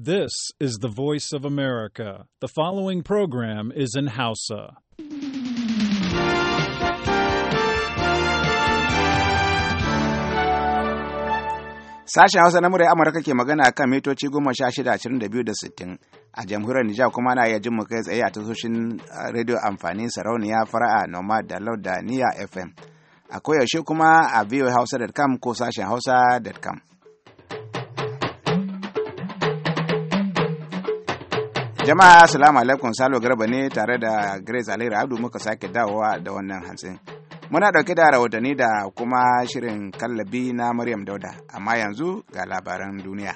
This is the voice of America. The following program is in Hausa. Sashen Hausa na murai Amurka ke magana a kan mitoci goma sha shida ashirin da biyu da sittin a jamhuriyar Nijar kuma na iya jin mu kai tsaye a tasoshin rediyo amfani sarauniya fara'a nomad da da niya FM. A koyaushe kuma a voahausa.com ko sashen hausa.com. jama'a assalamu alaikum salo garba ne tare da grace alira abdu muka sake dawowa da wannan hantsin muna dauke da rahotanni da kuma shirin kallabi na maryam dauda amma yanzu ga labaran duniya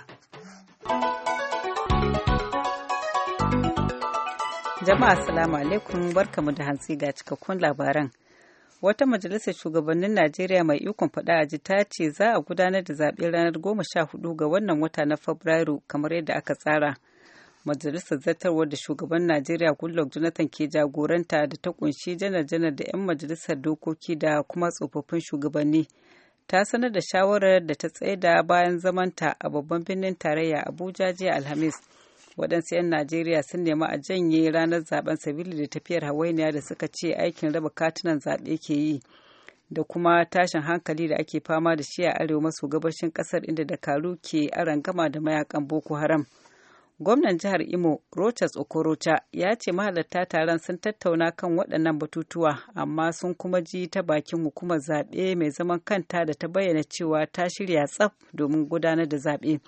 jama'a assalamu alaikum barkamu da hantsi ga cikakkun labaran wata majalisar shugabannin najeriya mai ikon faɗa aji ta ce za a gudanar da zaɓen ranar goma sha hudu ga wannan wata na fabrairu kamar yadda aka tsara majalisar zartarwar da shugaban najeriya goodluck jonathan ke jagoranta da ta kunshi janar-janar da 'yan majalisar dokoki da kuma tsofaffin shugabanni ta sanar da shawarar da ta tsaida bayan zamanta a babban birnin tarayya abuja jiya alhamis waɗansu 'yan najeriya sun nemi a janye ranar zaben sabili da tafiyar hawainiya da suka ce aikin raba katunan zaɓe ke yi da kuma tashin hankali da ake fama da shi a arewa maso gabashin ƙasar inda dakaru ke arangama da mayakan boko haram. gwamnan jihar imo rochas okorocha ya ce mahalarta taron sun tattauna kan waɗannan batutuwa amma sun kuma ji ta bakin hukumar zaɓe mai zaman kanta da ta bayyana cewa ta shirya tsaf domin gudanar da zaɓe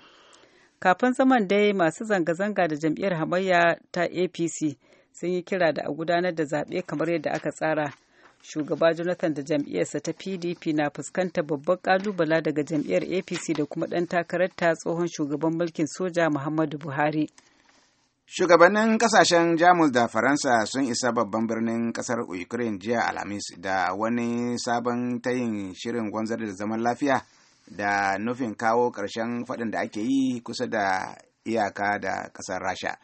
kafin zaman dai masu zanga-zanga da jam'iyyar hamayya ta apc sun yi kira da a gudanar da zaɓe kamar yadda aka tsara shugaba jonathan da jam'iyyarsa ta pdp na fuskantar babban kalubala daga jam'iyyar apc da kuma ɗan takararta tsohon shugaban mulkin soja muhammadu buhari shugabannin kasashen jamus da faransa sun isa babban birnin kasar ukraine jiya alhamis da wani sabon tayin shirin gwanzar da zaman lafiya da nufin kawo ƙarshen faɗin da ake yi kusa da iyaka da ƙasar rasha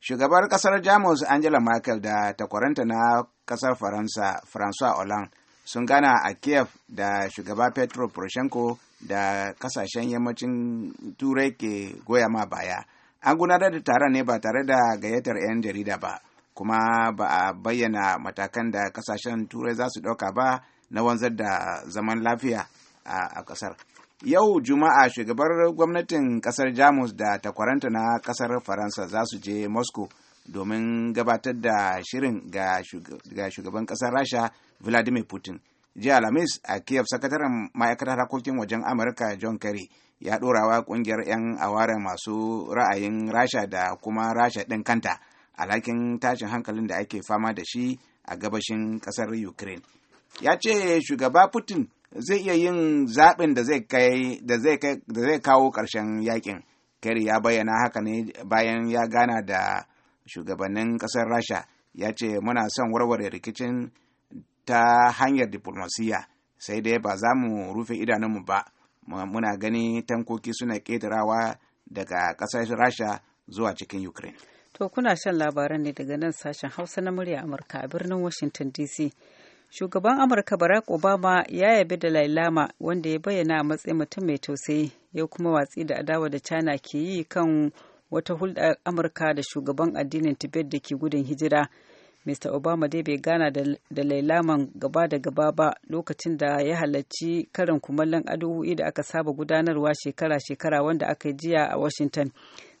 Shugabar kasar Jamus Angela Merkel da takwaranta na kasar Faransa François Hollande sun gana a Kiev da shugaba Petro Poroshenko da kasashen yammacin Turai ke goya ma baya. An gudanar da taron ne ba tare da gayyatar 'yan jarida ba, kuma ba a bayyana matakan da kasashen Turai za su ɗauka ba na wanzar da zaman lafiya a kasar. Yau Juma'a shugabar gwamnatin kasar Jamus da takwaranta na kasar Faransa za su je Moscow domin gabatar da shirin ga shugaban kasar Rasha Vladimir Putin. Jiya Alhamis a Kiev sakataren ma'aikatar harkokin wajen Amurka John Kerry ya ɗorawa ƙungiyar 'yan awara masu ra'ayin Rasha da kuma Rasha ɗin kanta alhakin tashin hankalin da ake fama da shi a gabashin ƙasar Ukraine. Ya ce shugaba Putin zai iya yin zaɓin da zai kai da zai kai da zai kawo ƙarshen yakin kerry ya bayyana haka ne bayan ya gana da shugabannin ƙasar rasha ya ce muna son warware rikicin ta hanyar diplomasiya sai dai ba za mu rufe idanunmu ba muna gani tankoki suna ƙetarawa daga ƙasar rasha zuwa cikin ukraine to kuna shan labaran ne daga nan sashen hausa na murya amurka a birnin washington dc shugaban amurka barack obama ya yabi da lailama wanda ya bayyana a matsayin mutum mai tausayi ya kuma watsi da adawa da china ke yi kan wata hulɗar amurka da shugaban addinin tibet da ke gudun hijira mr obama dai bai gana da lailaman gaba da gaba ba lokacin da ya halarci karin kumallon addu'o'i da aka saba gudanarwa shekara-shekara wanda aka yi jiya a washington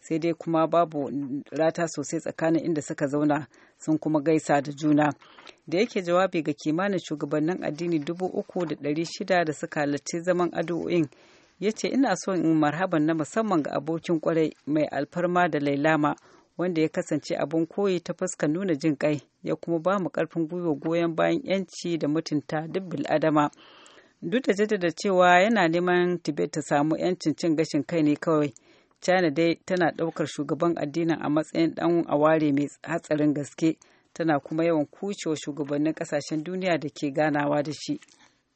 sai dai kuma babu rata sosai tsakanin inda suka zauna sun kuma gaisa da juna da yake jawabi ga kimanin shugabannin addini dubu uku da ɗari shida da suka halarci zaman addu'o'in ya ce ina so in marhaban na musamman ga abokin kwarai mai alfarma da lailama wanda ya kasance abin koyi ta fuskar nuna jin kai ya kuma ba mu karfin gwiwa goyon bayan yanci da mutunta duk bil'adama duk da jaddada cewa yana neman tibet ta samu yancin cin gashin kai ne kawai china dai tana ɗaukar shugaban addinin a matsayin ɗan aware mai hatsarin gaske tana kuma yawan kucewa shugabannin ƙasashen duniya da ke ganawa da shi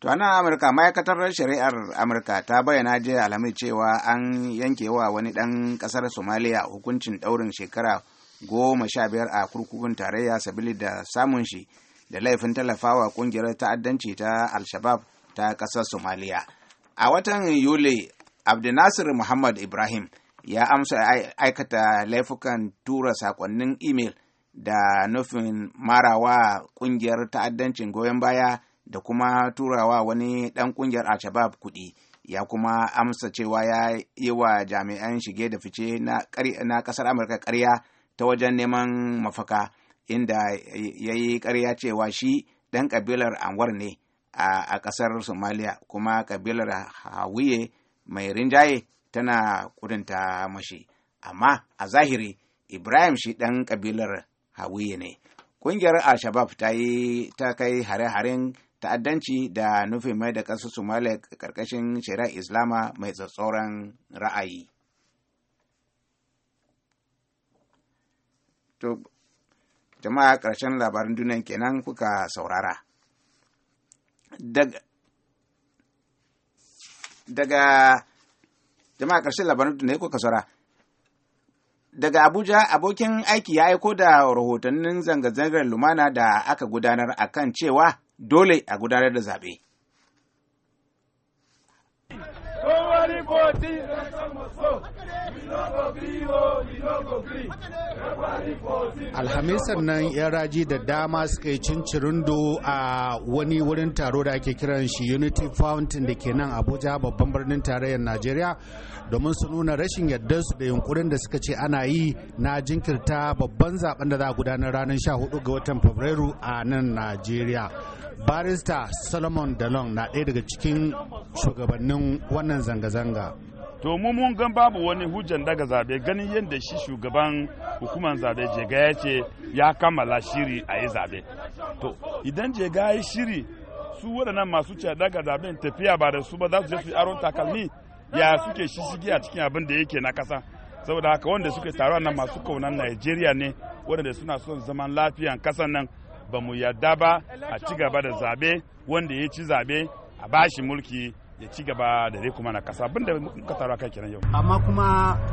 To ana Amurka ma'aikatar shari'ar Amurka ta bayyana jiya alhamis cewa an yankewa wani ɗan ƙasar Somalia hukuncin ɗaurin shekara goma sha biyar a kurkukun tarayya sabili da samun shi da laifin tallafawa ƙungiyar ta'addanci ta alshabab ta ƙasar Somalia. A watan Yuli, Abdinasir Muhammad Ibrahim ya amsa aikata laifukan tura sakonnin imel da nufin marawa kungiyar ta'addancin goyon baya da kuma turawa wani ɗan kungiyar al-shabab kuɗi ya kuma amsa cewa ya yi wa jami'an shige da fice na ƙasar amurka karya ta wajen neman mafaka inda ya yi ƙarya cewa shi ɗan ƙabilar anwar ne a ƙasar somalia kuma ƙabilar hawiye mai rinjaye tana kudinta mashi amma a zahiri ibrahim shi ɗan ƙabilar hawiye ne ƙungiyar al-shabab ta yi ta kai hare-haren ta'addanci da nufi mai da ƙasar somalia ƙarƙashin shari'ar islama mai tsatsauran ra'ayi to jama'a ƙarshen labarin duniya kenan kuka saurara daga jama'a ƙarshen labaran da kuka kasara daga abuja abokin aiki ya aiko da rahotannin zanga-zangar lumana da aka gudanar a kan cewa dole a gudanar da zaɓe. maso. alhamisar nan yan raji da dama suka yi cincirindo a wani wurin taro da ake kiran shi unity fountain da ke nan abuja babban birnin tarayyar najeriya domin su nuna rashin yadda su da yunkurin da suka ce ana yi na jinkirta babban zaben da za a gudanar ranar 14 ga watan fabrairu a nan najeriya barista solomon dalon na ɗaya daga cikin shugabannin wannan zanga-zanga to mu mun gan babu wani hujjan daga zabe ganin yadda shi shugaban hukumar zabe jega ya ce ya kammala shiri a yi zabe to idan jega ya shiri su waɗannan masu ce daga zaben tafiya ba da su ba za su je su aron takalmi ya suke shishigi a cikin abin da yake na kasa saboda haka wanda suke taruwa nan masu kaunan najeriya ne waɗanda suna son zaman lafiyan kasan nan ba mu yarda ba a ci gaba da zabe wanda ya ci zabe a bashi mulki ya ci gaba da dai kuma na kasa abinda muka taru kai kenan yau amma kuma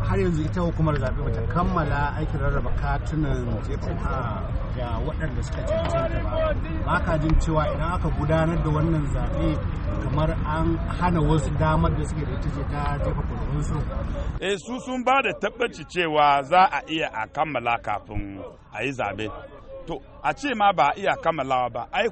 har yanzu ita hukumar zabe bata kammala aikin rarraba katunan jefa ga waɗanda suka cancanta ba ba ka jin cewa idan aka gudanar da wannan zabe kamar an hana wasu damar da suke da ita ta jefa kuri'unsu eh su sun ba da tabbaci cewa za a iya a kammala kafin a yi zaɓe to a ce ma ba a iya kammalawa ba ai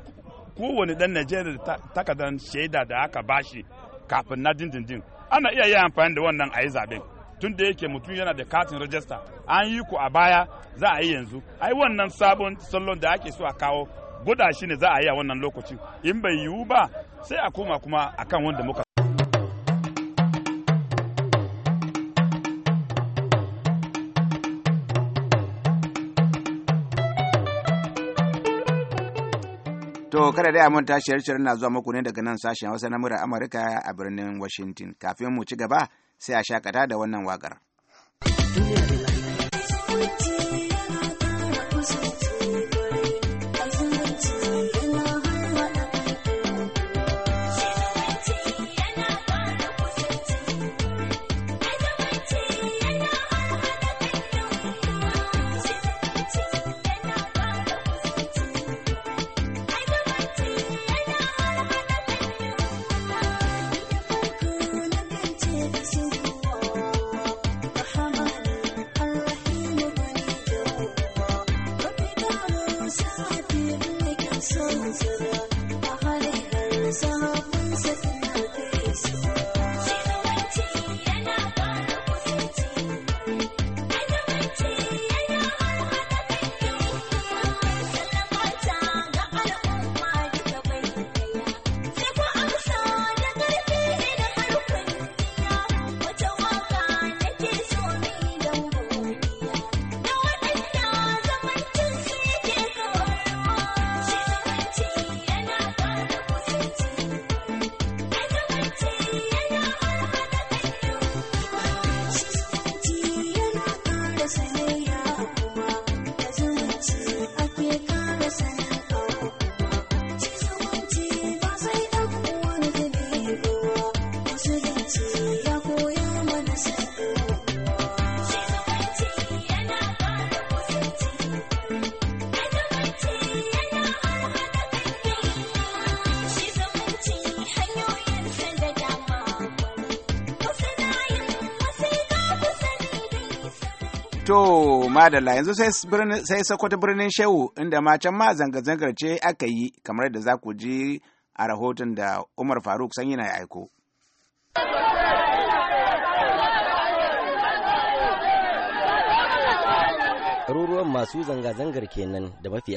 kowane dan najeriya takardar shaida da aka bashi kafin na dindindin ana iya yi amfani da wannan a yi zaben tun da yake mutum yana da katin rajista an yi ku a baya za a yi yanzu ai wannan sabon salon da ake so a kawo guda shi ne za a yi a wannan lokacin in bai yiwu ba sai a koma kuma akan wanda muka To kada dai a manta shirye-shiryen na zuwa muku ne daga nan sashen Hausa na murar Amurka a birnin Washington. Kafin mu ci gaba sai a shakata da wannan wakar. To, madalla yanzu sai Sokoto birnin Shehu inda ma can ma zanga-zangar ce aka yi kamar da za ku ji a rahoton da Umar Faruk Sanyi na ya aiko. ɗaruruwan masu zanga-zangar kenan da mafi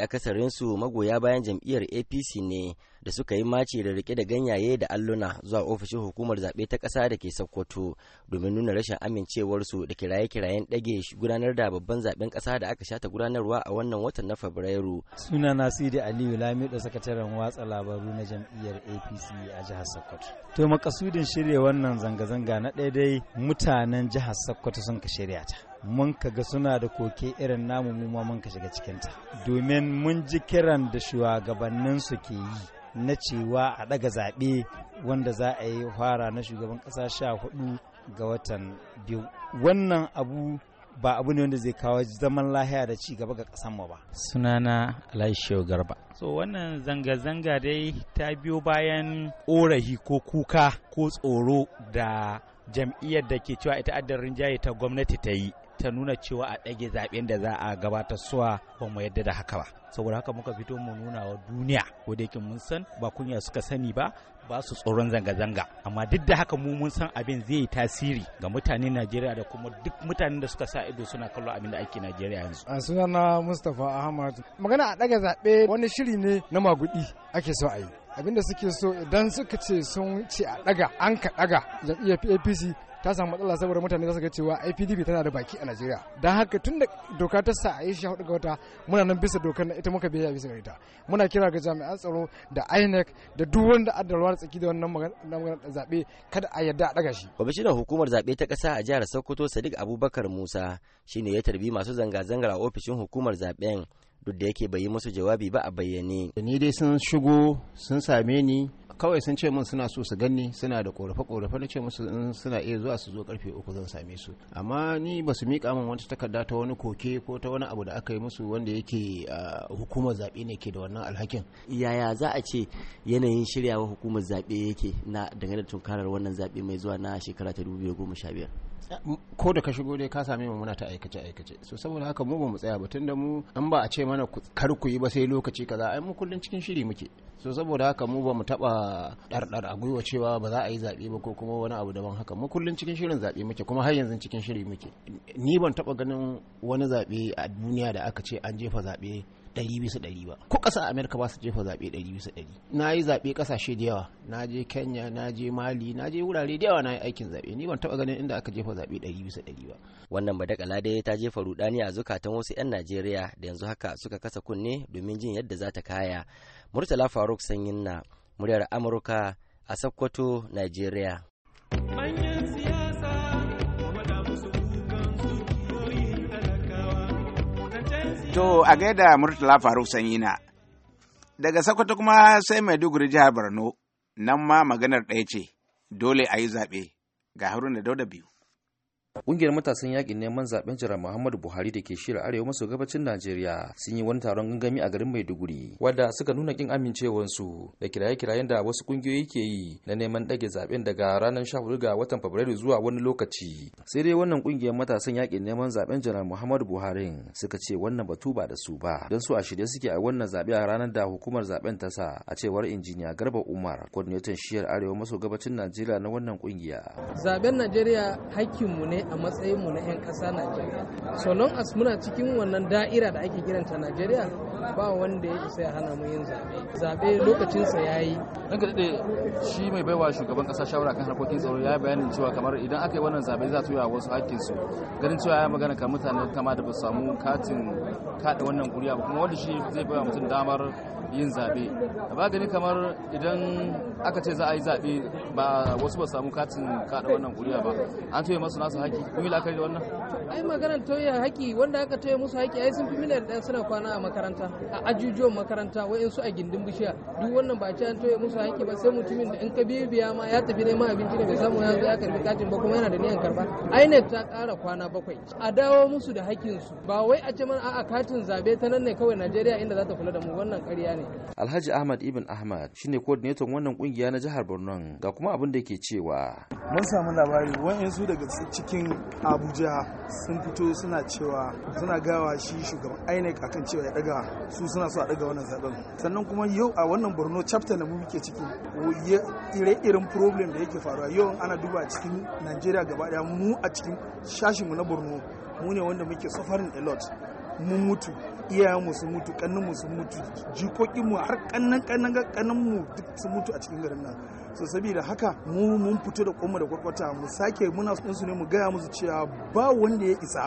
su magoya bayan jam'iyyar apc ne da suka yi mace da rike da ganyaye da alluna zuwa ofishin hukumar zaɓe ta ƙasa da ke sokoto domin nuna rashin amincewarsu da kiraye-kirayen ɗage gudanar da babban zaɓen ƙasa da aka shata gudanarwa a wannan watan na fabrairu suna nasiru aliyu lamido sakataren watsa labaru na jam'iyyar apc a jihar sokoto to makasudin shirya wannan zanga-zanga na ɗaya dai mutanen jihar sokoto sun ka shirya ta mun ga suna da koke irin namu mu ma mun ka shiga cikinta domin mun ji kiran da su ke yi na cewa a ɗaga zaɓe wanda za a yi fara na shugaban ƙasa sha hudu ga watan biyu wannan abu ba abu ne wanda zai kawo zaman lahiya da ci gaba ga ƙasar mu ba sunana alaishew garba so wannan zanga-zanga dai ta biyo bayan ƙorahi ko kuka ko tsoro da jam'iyyar da ke cewa ita addarin jaye ta gwamnati ta yi ta nuna cewa a ɗage zaɓen da za a gabata suwa ba mu yadda da haka ba saboda haka muka fito mu nuna wa duniya ko da mun san ba kunya suka sani ba ba su tsoron zanga-zanga amma duk da haka mu mun san abin zai yi tasiri ga mutanen najeriya da kuma duk mutanen da suka sa ido suna kallo abin da ake najeriya yanzu a sunana mustapha ahmad magana a ɗaga zaɓe wani shiri ne na magudi ake so a yi abinda suke so idan suka ce sun ce a ɗaga an ka ɗaga jam'iyyar apc ta samu matsala saboda mutane za su ga cewa IPDP tana da baki a Najeriya don haka tun da doka ta sa a yi hudu ga wata muna nan bisa dokar ita muka biya bisa ga ita muna kira ga jami'an tsaro da INEC da duk wanda adda ruwa tsaki da wannan maganar zaɓe kada a yarda a daga shi kwamishinan hukumar zaɓe ta ƙasa a jihar Sokoto Sadiq Abubakar Musa shine ya tarbi masu zanga-zangar a ofishin hukumar zaɓen duk da yake bai yi musu jawabi ba a bayyane ni dai sun shigo sun same ni kawai sun ce min suna so su ganni suna da korafe korafe na ce musu in suna iya zuwa su zo karfe uku zan same su amma ni ba su mika min wata takarda ta wani koke ko ta wani abu da aka yi musu wanda yake hukumar zaɓe ne ke da wannan alhakin yaya za a ce yanayin shiryawa hukumar zaɓe yake na dangane da tunkarar wannan zaɓe mai zuwa na shekara ta goma sha biyar. ko da ka shigo dai ka same mu muna ta aikace aikace so saboda haka mu ba mu tsaya ba tunda mu an ba a ce mana kar ku yi ba sai lokaci kaza ai mu kullun cikin shiri muke so saboda haka mu ba mu taba dardar a gwiwa cewa ba za a yi zabe ba ko kuma wani abu daban haka mu kullun cikin shirin zabe muke kuma har yanzu cikin shiri muke ni ban taba ganin wani zabe a duniya da aka ce an jefa zabe ɗari bisa ɗari ba ko ƙasa amerika ba su jefa zaɓe ɗari bisa ɗari na yi zaɓe ƙasashe da yawa na je kenya na je mali na je wurare da yawa na yi aikin zaɓe ni ban taɓa ganin inda aka jefa zaɓe ɗari bisa ɗari ba wannan madakala dai ta jefa rudani a zukatan wasu 'yan najeriya da yanzu haka suka kasa kunne domin jin yadda za ta kaya murtala faruk sanyin na muryar amurka a sokoto najeriya To a gaida Murtala Faruk sanyi na Daga Sokoto kuma sai Maiduguri jihar Borno, nan ma maganar ɗaya ce, dole a yi zaɓe ga Haruna Dauda biyu. Ƙungiyar matasan yaƙin neman zaɓen jiran Muhammadu Buhari da ke shirya arewa maso gabacin Najeriya sun yi wani taron gangami a garin Maiduguri wadda suka nuna ƙin amincewarsu da kiraye-kirayen da wasu ƙungiyoyi ke yi na neman ɗage zaɓen daga ranar 14 ga watan Fabrairu zuwa wani lokaci. Sai dai wannan ƙungiyar matasan yaƙin neman zaɓen jiran Muhammadu Buhari suka ce wannan batu ba da su ba don su a shirye suke a wannan zaɓe a ranar da hukumar zaɓen ta sa a cewar injiniya Garba Umar, koordinator shiyar arewa maso gabacin Najeriya na wannan ƙungiya. Zaɓen Najeriya hakkinmu ne a a matsayinmu na 'yan ƙasa najeriya so long as muna cikin wannan da'ira da ake kiranta najeriya ba wanda ya isa ya hana mu yin zaɓe zaɓe lokacinsa ya yi ɗan ka daɗe shi mai baiwa shugaban ƙasa shawara kan harkokin tsaro ya bayanin cewa kamar idan aka yi wannan zaɓe za su yi wa wasu hakkinsu ganin cewa ya magana kan mutane kama da ba samu katin kaɗa wannan kuri'a ba kuma wanda shi zai baiwa mutum damar yin zaɓe ba gani kamar idan aka ce za a yi zaɓe ba wasu ba samu katin kaɗa wannan kuri'a ba an toye masu nasu haƙi kun yi la'akari da wannan ai maganar toye haƙi wanda aka toye musu haƙi ai sun fi miliyan ɗaya suna kwana a makaranta a ajujuwan makaranta su a gindin bishiya duk wannan ba a ce an toye musu haƙi ba sai mutumin da in ka biyu biya ma ya tafi neman abinci da bai samu ya zo ya karbi katin ba kuma yana da niyan karba inec ta ƙara kwana bakwai a dawo musu da haƙƙinsu ba wai a ce mana a'a katin zaɓe ta nan ne kawai najeriya inda za ta kula da mu wannan ƙarya ne Alhaji Ahmad Ibn Ahmad shine coordinator wannan kungiya na jihar Borno ga kuma abin da yake cewa mun samu labari wayansu daga cikin Abuja sun fito suna cewa suna gawa shi shugaban INEC akan cewa ya daga su suna so a daga wannan zaben sannan kuma yau a wannan Borno chapter da mu muke ciki ire-iren problem da yake faruwa yau ana duba cikin Najeriya gaba daya mu a cikin shashinmu na Borno mu ne wanda muke suffering a lot mun mutu iyayenmu sun mutu kanninmu sun mutu jikokinmu har kannan kannan kanninmu duk sun mutu a cikin garin nan so saboda haka mu mun fito da kwanmu da kwakwata mu sake muna sun su ne mu gaya musu cewa ba wanda ya isa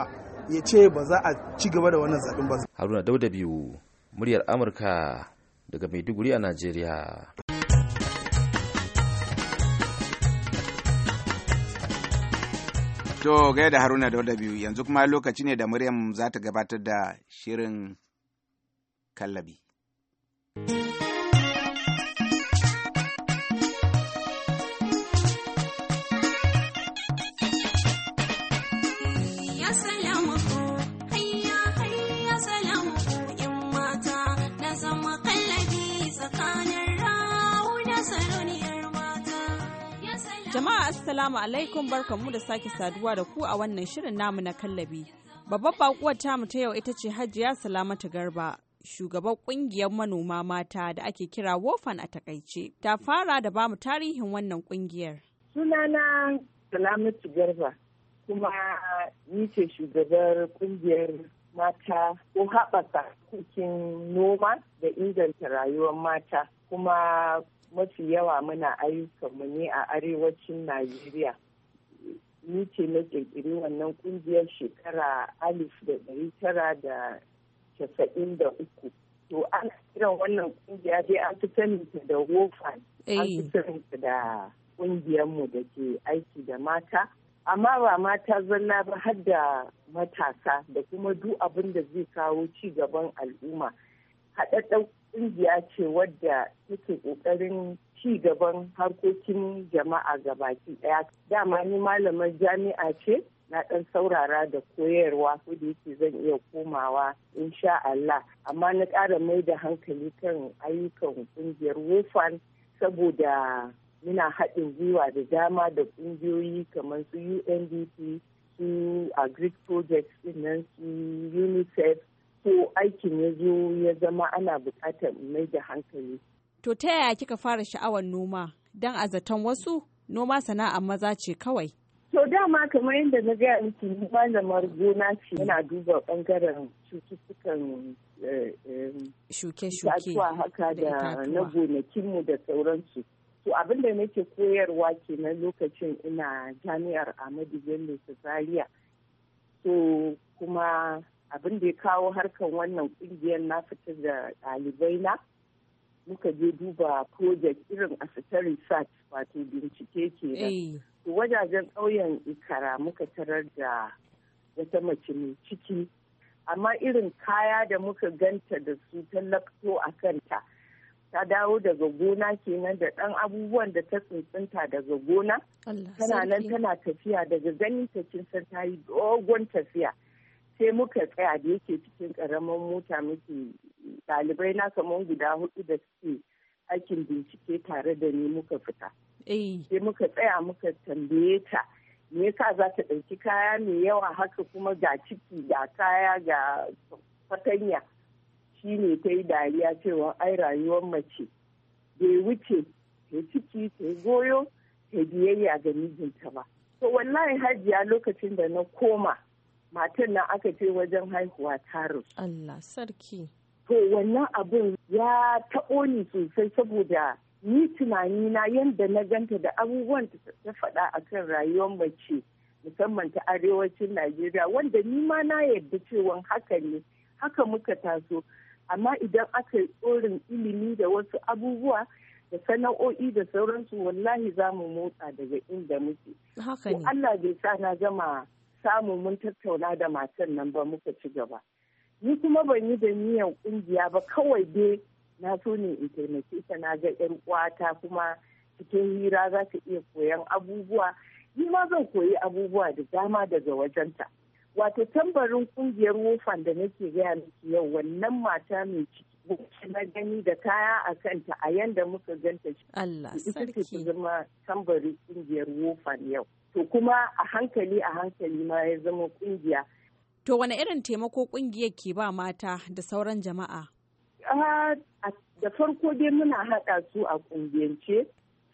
ya ce ba za a ci gaba da wannan zaɓen ba haruna dauda biyu muryar amurka daga maiduguri a najeriya To gaya da Haruna da biyu yanzu kuma lokaci ne da Maryam za ta gabatar da shirin kallabi. Jama'a Assalamu alaikum barkanmu da sake saduwa da ku a wannan shirin namu na kallabi. Babbar bakuwar tamu ta yau ita ce Hajiya Salamatu Garba, shugaban kungiyar manoma mata da ake kira Wofan a takaice. Ta fara da bamu tarihin wannan kungiyar. Sunana Salamatu Garba kuma ni ce shugabar kungiyar mata ko haɓaka cikin noma da inganta rayuwar mata kuma mafi yawa muna ayyukanmu ne a arewacin najeriya ni ce na ƙirƙiri wannan ƙungiyar shekara alif da ɗari tara da casa'in da uku to ana kiran wannan ƙungiya dai an fi saninta da wofan an fi eh. saninta da ƙungiyarmu da ke aiki da mata amma ba mata zalla ba har da matasa da kuma duk abin da zai kawo ci gaban al'umma Haɗaɗɗau kungiya ce wadda take kokarin ci gaban harkokin jama'a ga gabaki daya dama ni malamar jami'a ce na dan saurara da koyarwa ko da yake zan iya komawa insha Allah amma na ƙara mai da hankali kan ayyukan ƙungiyar wofan saboda muna haɗin gwiwa da dama da ƙungiyoyi kamar su UNDP su agric projects su UNICEF ko aikin ya zo ya zama ana buƙatar mai da hankali. To ta yaya kika fara sha'awar noma? Don a zaton wasu, noma sana'a maza ce kawai. To dama kamar yadda na gaya miki ni malamar gona ce yana duba bangaren cututtukan eh, eh, shuke-shuke haka da na gonakin mu da sauransu. To abin da nake koyarwa ke na lokacin ina jami'ar Ahmadu Bello Zaria. To kuma abin da ya kawo harkan wannan kungiyar na fita da ɗalibai na muka je duba project irin a fita research wato bincike ke eh. wajajen ƙauyen ikara muka tarar da wata mace mai ciki amma irin kaya da muka ganta da su tallafto a kanta ta dawo daga gona kenan da ɗan abubuwan da ta tsuntsunta daga gona tana nan tana tafiya daga ganin ta kin san ta yi dogon tafiya sai muka tsaya da yake cikin karamar mota muke ɗalibai na kamar guda hudu da suke aikin bincike tare da ni muka fita. Sai muka tsaya muka tambaye ta me yasa za ta ɗauki kaya mai yawa haka kuma ga ciki ga kaya ga fatanya shine ne ta yi dariya cewa ai rayuwar mace bai wuce ta ciki ta goyo ta biyayya ga mijinta ba. To wallahi hajiya lokacin da na koma matan nan aka ce wajen haihuwa ta rasu. Allah sarki. To wannan abun ya taɓo ni sosai saboda ni tunani na yadda na ganta da abubuwan ta faɗa a kan rayuwar mace musamman ta arewacin Najeriya wanda ni ma na yarda cewa haka ne haka muka taso amma idan aka yi tsorin ilimi da wasu abubuwa da sana'o'i da sauransu wallahi za mu motsa daga inda muke. Haka Allah bai sa na gama samu mun tattauna da matan nan ba muka ci gaba ni kuma ban yi da niyan kungiya ba kawai dai na so ne in taimake ta na ga yar uwata kuma cikin hira za ta iya koyan abubuwa ni ma zan koyi abubuwa da dama daga wajenta wato tambarin kungiyar wofan da nake gaya miki yau wannan mata mai ciki na gani da kaya a kanta a yanda muka ganta shi. Allah sarki. Ita ce zama tambari kungiyar wofan yau. To kuma a hankali a hankali ma ya zama kungiya. To wane irin taimako kungiyar ke ba mata da sauran jama'a? Ah, da farko dai muna haɗa su a kungiyance,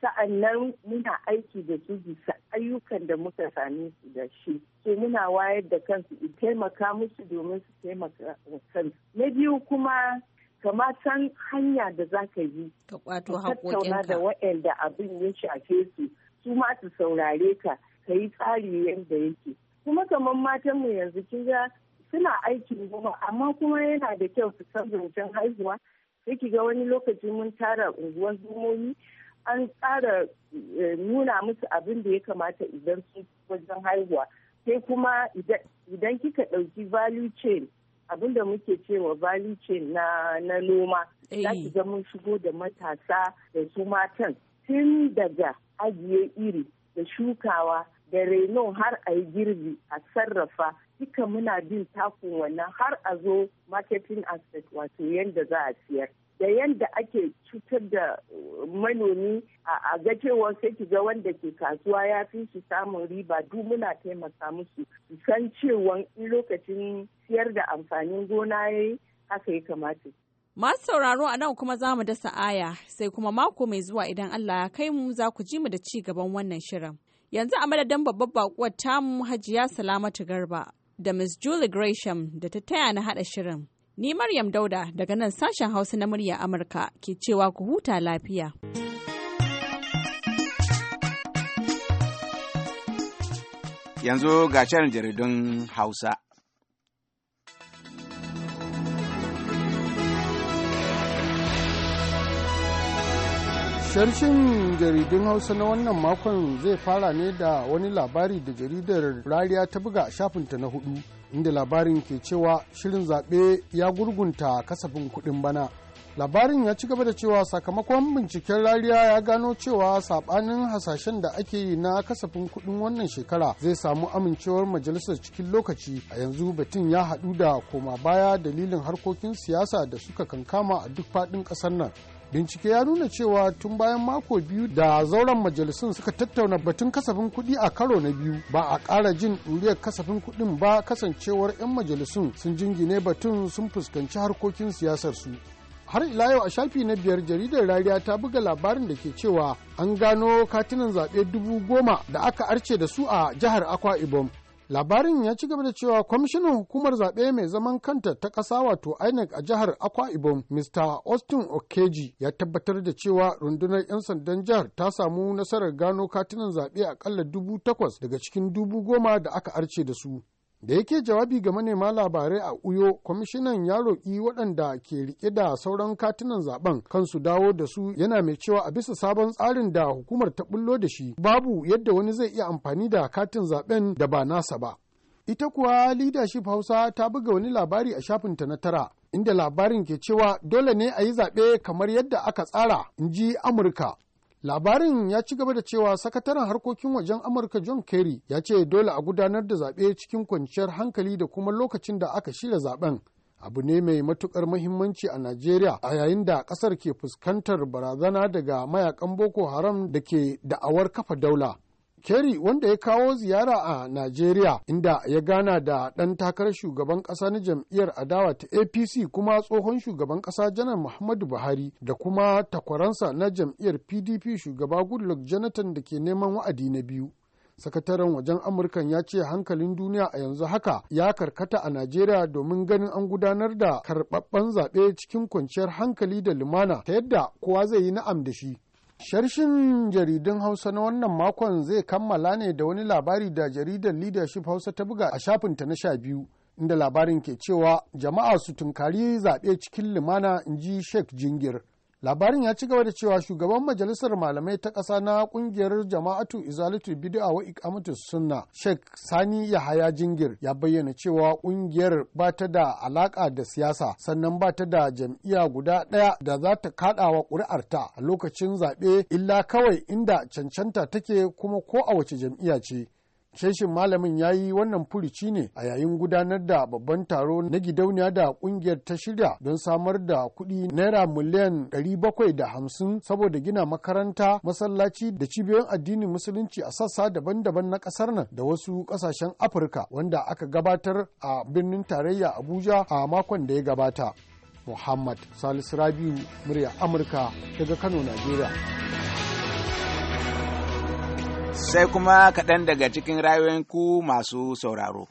sa'annan muna aiki da su bisa ayyukan da muka same su da shi. So muna wayar da kansu, taimaka musu domin su taimaka kansu. Na biyu kuma kama san hanya da za ka yi ka tattauna da waɗanda abin ya shafe su su ma su saurare ka ka yi tsari yadda yake kuma kamar matan mu yanzu kin ga suna aikin goma amma kuma yana da kyau su san zancen haihuwa sai ki ga wani lokaci mun tara unguwar zumomi an tsara eh, nuna musu abin da ya kamata idan su wajen haihuwa sai kuma idan kika ɗauki value chain abin da muke cewa value chain na na noma eh. za ki ga shigo da matasa da su matan tun daga ajiye iri da shukawa da reno har a yi girbi a sarrafa duka muna bin takun wannan har a zo marketing aspect wato yadda za a siyar da yadda ake cutar da manomi a ga sai ki ga wanda ke kasuwa ya fi su samun riba duk muna taimaka musu su san cewa in lokacin siyar da amfanin gona ya haka ya kamata. Masu sauraro a nan kuma zamu dasa aya sai kuma mako mai zuwa idan Allah ya kai mu za ku ji mu da ci gaban wannan shirin. Yanzu a madadin babbar bakuwar tamu Hajiya Salamatu Garba da Miss Julie Gresham da ta taya na haɗa shirin. Ni Maryam Dauda daga nan sashen Hausa na murya Amurka ke cewa ku huta lafiya. Yanzu ga jaridun Hausa. Sharshin jaridun Hausa na wannan makon zai fara ne da wani labari da jaridar Rariya ta buga shafinta na hudu. inda labarin ke cewa shirin zaɓe ya gurgunta kasafin kuɗin bana labarin ya ci gaba da cewa sakamakon binciken rariya ya gano cewa saɓanin hasashen da ake yi na kasafin kuɗin wannan shekara zai samu amincewar majalisar cikin lokaci a yanzu batun ya haɗu da koma baya dalilin harkokin siyasa da suka kankama a duk faɗin ƙasar nan bincike ya nuna cewa tun bayan mako biyu da zauren majalisun suka tattauna batun kasafin kuɗi a karo na biyu ba a ƙara jin ɗuriyar kasafin kuɗin ba kasancewar 'yan majalisun sun jingine batun sun fuskanci harkokin siyasar su har ila yau a shafi na biyar jaridar rariya ta buga labarin da ke cewa an gano katinan zaɓe dubu goma da aka arce da su a jihar akwa ibom labarin ya ci gaba da cewa kwamishinan hukumar zaɓe mai zaman kanta ta ƙasa wato inec a jihar akwa ibom mr austin okeji ya tabbatar da cewa rundunar 'yan sandan jihar ta samu nasarar gano katunan zaɓe akalla dubu takwas daga cikin dubu goma da aka arce da su da yake jawabi ga manema labarai a uyo kwamishinan ya roƙi waɗanda ke riƙe da sauran katunan zaben kansu dawo da su yana mai cewa a bisa sabon tsarin da hukumar ta bullo da shi babu yadda wani zai iya amfani da katin zaben da ba nasa ba ita kuwa leadership hausa ta buga wani labari a shafinta na tara inda labarin ke cewa dole ne a yi zaɓe kamar yadda aka tsara in ji amurka Labarin ya ci gaba da cewa sakataren harkokin wajen Amurka John Kerry ya ce dole a gudanar da zaɓe cikin kwanciyar hankali da kuma lokacin da aka shirya zaɓen. Abu ne mai matukar muhimmanci a Najeriya a yayin da ƙasar ke fuskantar barazana daga mayakan Boko Haram da ke da'awar kafa daula. Kerry wanda ya kawo ziyara a Najeriya inda ya gana da ɗan takarar shugaban ƙasa na jam'iyyar adawa ta APC kuma tsohon shugaban ƙasa janar Muhammadu Buhari da kuma takwaransa na jam'iyyar PDP shugaba Goodluck Jonathan da ke neman wa'adi na biyu. sakataren wajen amurkan ya ce hankalin duniya a yanzu haka ya karkata a najeriya domin ganin an gudanar da karɓaɓɓen zaɓe cikin kwanciyar hankali da lumana ta yadda kowa zai yi na'am da shi Sharshin jaridun Hausa na wannan makon zai kammala ne da wani labari da jaridar Leadership Hausa ta buga a shafinta na sha biyu, inda labarin ke cewa jama'a su tunkari zaɓe cikin lumana in ji Sheikh Jingir. labarin ya ci gaba da cewa shugaban majalisar malamai ta ƙasa na ƙungiyar jama'atu izalatu Bidi'a wa ikamatu sunna sheikh sani yahaya jingir ya bayyana cewa ƙungiyar ba ta da alaka da siyasa sannan ba ta da jam'iyya guda ɗaya da za ta kaɗawa ƙuri'arta a lokacin zaɓe illa kawai inda cancanta take kuma ko a wace jam'iyya ce Sheshin malamin ya yi wannan furuci ne a yayin gudanar da babban taro na gidauniya da kungiyar ta shirya don samar da kuɗi naira miliyan hamsin saboda gina makaranta, masallaci da cibiyoyin addinin musulunci a sassa daban-daban na ƙasar nan da wasu ƙasashen Afirka wanda aka gabatar a birnin tarayya Abuja a makon da ya gabata. Muhammad Salisu Rabiu, murya Amurka daga Kano, Najeriya. sai kuma kaɗan daga cikin rayuwar masu sauraro.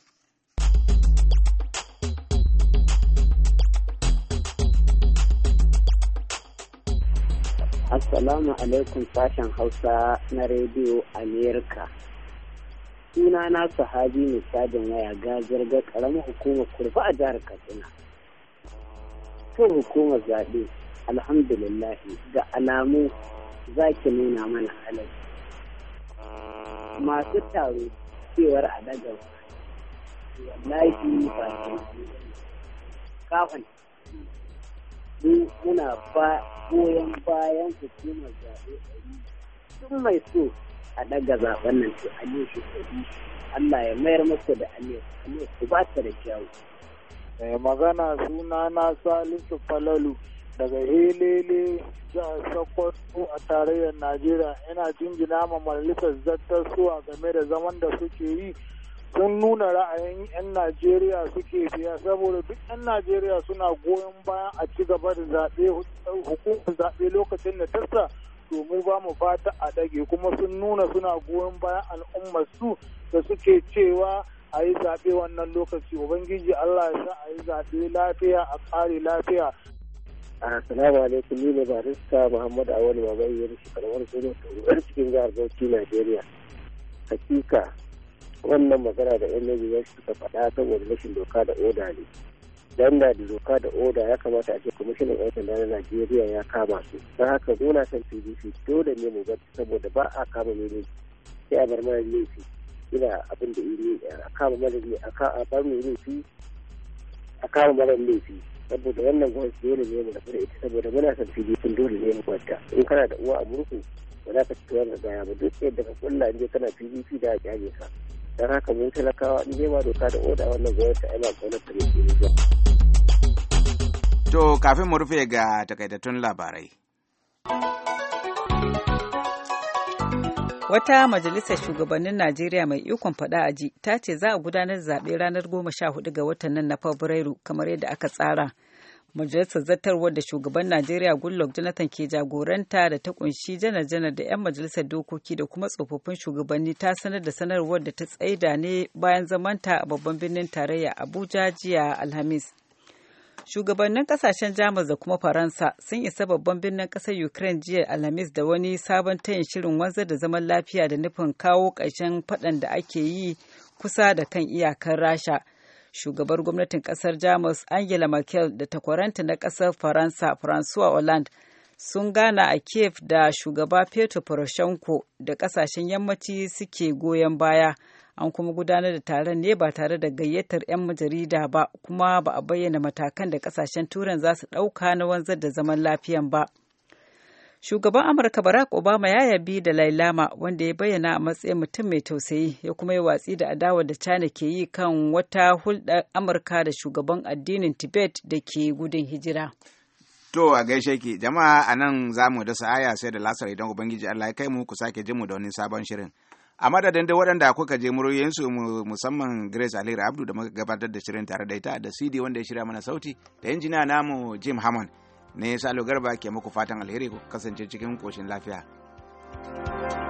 Assalamu alaikum sashen Hausa na Rediyo Amerika. Suna na sahabi mai cajin waya ga jirga ƙaramar hukumar kurfa a jihar Katsina. Kan hukumar zaɓe, alhamdulillahi ga alamu za ki nuna mana halarci. masu taro cewar a daga wallahi ba kafin mu muna ba goyon bayan hukumar zaɓe ɗari sun mai so a daga zaɓen nan to a ne shi Allah ya mayar masa da aliyar aliyar ku ba ta da kyawu. magana suna na salisu falalu daga helele za a sakwato a tarayyar najeriya yana jingina ma majalisar zartar game da zaman da suke yi sun nuna ra'ayin 'yan najeriya suke biya saboda duk 'yan najeriya suna goyon bayan a ci gaba da zaɓe hukumar zaɓe lokacin da tasa domin ba mu fata a ɗage kuma sun nuna suna goyon bayan al'ummar su da suke cewa a yi zaɓe wannan lokaci ubangiji allah ya sa a yi zaɓe lafiya a ƙare lafiya Assalamu alaikum ni ne barista Muhammadu Awali Babayi ya rushe karamar sunan shugabar cikin jihar Bauchi Najeriya. Hakika wannan magana da yan zai suka faɗa saboda rashin doka da oda ne. Dan da doka da oda ya kamata a ce kwamishinan 'yan sanda na Najeriya ya kama su. Don haka gona san PDP dole ne mu bar saboda ba a kama mai sai a bar mara laifi. Ina abin da iri a kama mara laifi a kama mara laifi. saboda wannan gwamnati dole ne mu rabu da ita saboda muna son pdp dole ne mu kwanta in kana da uwa a murku ba za ka ci da gaya ba duk yadda ka kulla in kana pdp da a kyale ka don haka mun talakawa in dai ma doka da oda wannan gwamnati ai ba gwamnati ne ke zuwa. to kafin mu rufe ga takaitattun labarai. Wata majalisar shugabannin Najeriya mai ikon faɗa a ji ta ce za a gudanar da zaɓe ranar goma sha hudu ga watan nan na Fabrairu kamar yadda aka tsara. Majalisar zartarwar da shugaban Najeriya Goodluck Jonathan ke jagoranta da ta kunshi janar-janar da 'yan majalisar dokoki da kuma tsofaffin shugabanni ta sanar da sanarwar da ta tsaida ne bayan zamanta a babban birnin tarayya Abuja jiya Alhamis. shugabannin kasashen jamus da kuma faransa sun isa babban birnin kasar ukraine jiya alhamis da wani sabon tayin shirin wanzar da zaman lafiya da nufin kawo ƙarshen faɗan da ake yi kusa da kan iyakar rasha shugabar gwamnatin kasar jamus angela merkel da takwaranta na kasar faransa francois hollande sun gana a kiev da shugaba petro poroshenko da kasashen yammaci suke goyon baya. an kuma gudanar da taron ne ba tare da gayyatar 'yan jarida ba kuma ba a bayyana matakan da kasashen turan za su ɗauka na wanzar da zaman lafiyan ba shugaban amurka barack obama ya yabi da lailama wanda ya bayyana a matsayin mutum mai tausayi ya kuma yi watsi da adawa da china ke yi kan wata hulɗar amurka da shugaban addinin tibet da ke gudun hijira To a gaishe ki jama'a a nan za mu dasa aya sai da lasar idan Ubangiji Allah ya kai mu ku sake jin mu da wani sabon shirin. a madadin da waɗanda kuka je muryoyinsu musamman grace alira abdu da muka gabatar da shirin tare da ita da cd wanda ya shirya mana sauti da injiniya namu jim hammond ne salo garba ke muku fatan alheri kasance cikin koshin lafiya thank you